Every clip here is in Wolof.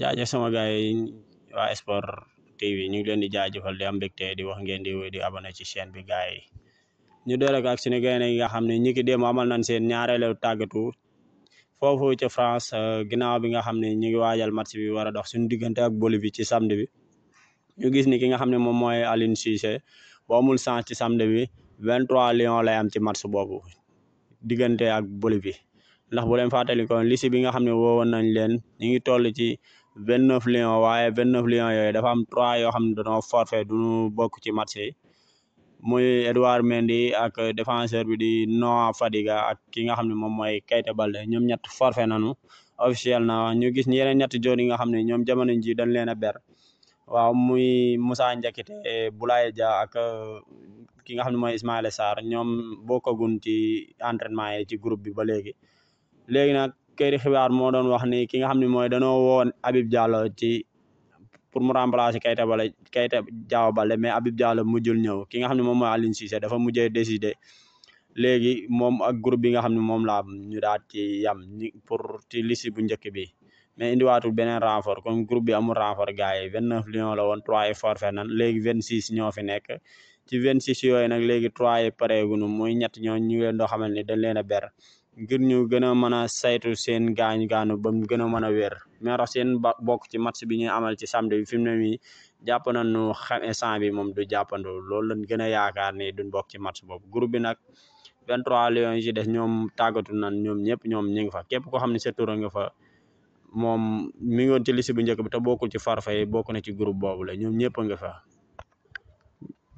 jaajëf sama gars yi waa sport TV ñu ngi leen di jaajëfal di am mbégte di wax ngeen di di abonné ci chaîne bi gars yi ñu doole ko ak suñu gaynde yi nga xam ne ñi ki démb amal nañ seen ñaareelu tàggatu foofu ca France euh, ginnaaw bi nga xam ne ñu ngi waajal match bi war a dox suñu diggante ak Bolivie ci samedi bi ñu gis ni ki nga xam ne moom mooy Aliou Cissé bu amul chance ci samedi bi 23 Lions lay am ci match boobu diggante ak Bolivie ndax bu leen fàttalikoon liste bi nga xam ne woowoon nañ leen ñu ngi toll ci vingt neuf lions waaye vingt neuf lions yooyu dafa am trois yoo xam ne dañoo forfait duñu bokk ci match yi muy Edouard Mendy ak défenseur bi di Noah Fadiga ak ki nga xam ne moom mooy Keita Baldé ñoom ñett forfait nañu officiel na ñu gis yeneen ñetti joor yi nga xam ne ñoom jamono ji dañ leen a ber waaw muy Moussa Ndiakité Boulaye Dia ak ki nga xam ne mooy Ismaïla Sarr ñoom bokkagun ci entraînement yi ci groupe bi ba léegi léegi nag këri xibaar moo doon wax ni ki nga xam ne mooy danoo woon Habib Diallo ci pour mu remplacer Keita Baldé Keita Diaw Baldé mais Habib Diallo mujul ñëw ki nga xam ne moom mooy Aliou Cissé dafa mujjee décider léegi moom ak groupe bi nga xam ne moom laa ñu daat ci yam pour ci liste bu njëkk bi mais indiwaatul beneen renfort comme groupe bi amul renfort gars yi vingt neuf lion la woon trois yi forfait nan léegi vingt six ñoo fi nekk ci vingt six yooyu nag léegi trois yi pareegunu muy ñoo ñu leen doo xamal ni dañ leen a ber ngir ñu gën a mën a saytu seen gaañ gaanu ba mu gën a mën a wér mais tax seen bokk ci match bi ñuy amal ci samde bi fi mu ne nii jàpp nañu xam instant bi moom du jàppandoo loolu lañ gën a yaakaar ni duñ bokk ci match boobu group bi nag 23 lions yi ci des ñoom tàggatu nan ñoom ñëpp ñoom ñu ngi fa képp koo xam ne sa nga fa moom mi ci liste bu njëkk bi te bokkul ci far fay bokk na ci groupe boobu la ñoom ñëpp nga fa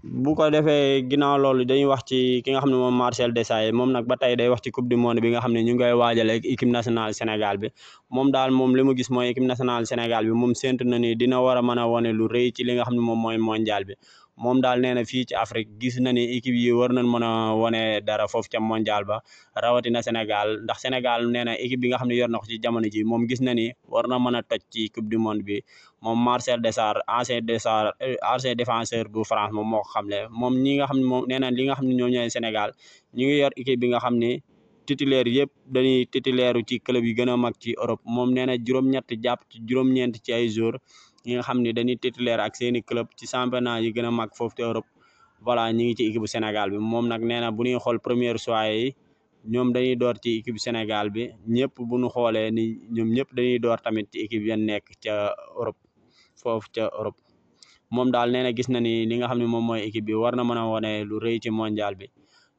bu ko defee ginnaaw loolu dañuy wax ci ki nga xam ne moom Marcel Desailly moom nag ba tey day wax ci coupe du monde bi nga xam ne ñu ngi koy waajal ak équipe nationale Sénégal bi moom daal moom li mu gis mooy équipe nationale Sénégal bi moom séntu na ni dina war a mën a wane lu rey ci li nga xam ne moom mooy mondial bi moom daal nee na fii ci Afrique gis na ni équipe yi war nañ mën a wane dara foofu ca mondial ba rawatina Sénégal ndax Sénégal nee na équipe bi nga xam ne yor na ko ci jamono ji moom gis na ni war na mën a toj ci coupe du monde bi moom Marcel Desailly ancien Desailly euh, ancien défenseur bu France moom moo xam ne moom ñi nga xam ne moom nee na li nga xam ne ñoo ñëwee Sénégal ñu ngi yor équipe bi nga xam ne titulaire yëpp dañuy titulaire ci club yi gën a mag ci Europe moom nee na juróom-ñett jàpp ci ci ay joueurs ñi nga xam ne dañuy titulaire ak seeni club ci championnat yi gën a mag foofu te Europe voilà ñi ci équipe bu bi moom nag nee na bu ñuy xool première choix yi ñoom dañuy door ci équipe bu Sénégal bi ñëpp bu ñu xoolee ni ñoom ñëpp dañuy door tamit ci équipe yan nekk ca Europe foofu ca Europe moom daal nee na gis na ni li nga xam ne moom mooy équipe bi war na mën a wane lu rëy ci mondial bi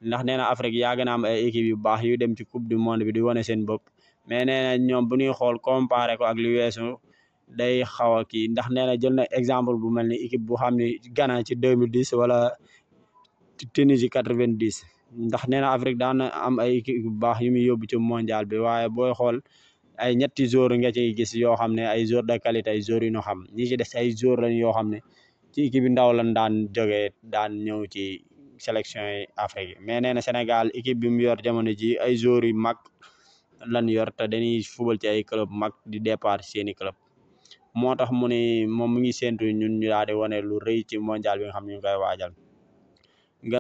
ndax nee na Afrique yàgg na am ay équipe yu baax yu dem ci coupe du monde bi di wane seen bopp day xaw a kii ndax nee na jël na exemple bu mel ni équipe bu xam ne Ghana ci deux mille dix wala Tunisie quatre vingt ndax nee na Afrique daan na am ay équipe baax yu muy yóbbu ci mondial bi waaye booy xool ay ñetti joueurs nga ciy gis yoo xam ne ay joueurs de qualité ay joueurs yu ñu xam ñi ci des ay joueurs lañ yoo xam ne ci équipe bi ndaw lañ daan joge daan ñëw ci sélection yi Afrique mais nee na Sénégal équipe bi mu yor jamono ji ay joueurs yu mag lan yor te dañuy fubal ci ay club mag di départ seeni club moo tax mu ne moom mu ngi séntu ñun ñu daal di wane lu rëy ci mondial bi xam ne ñu ngi koy waajal.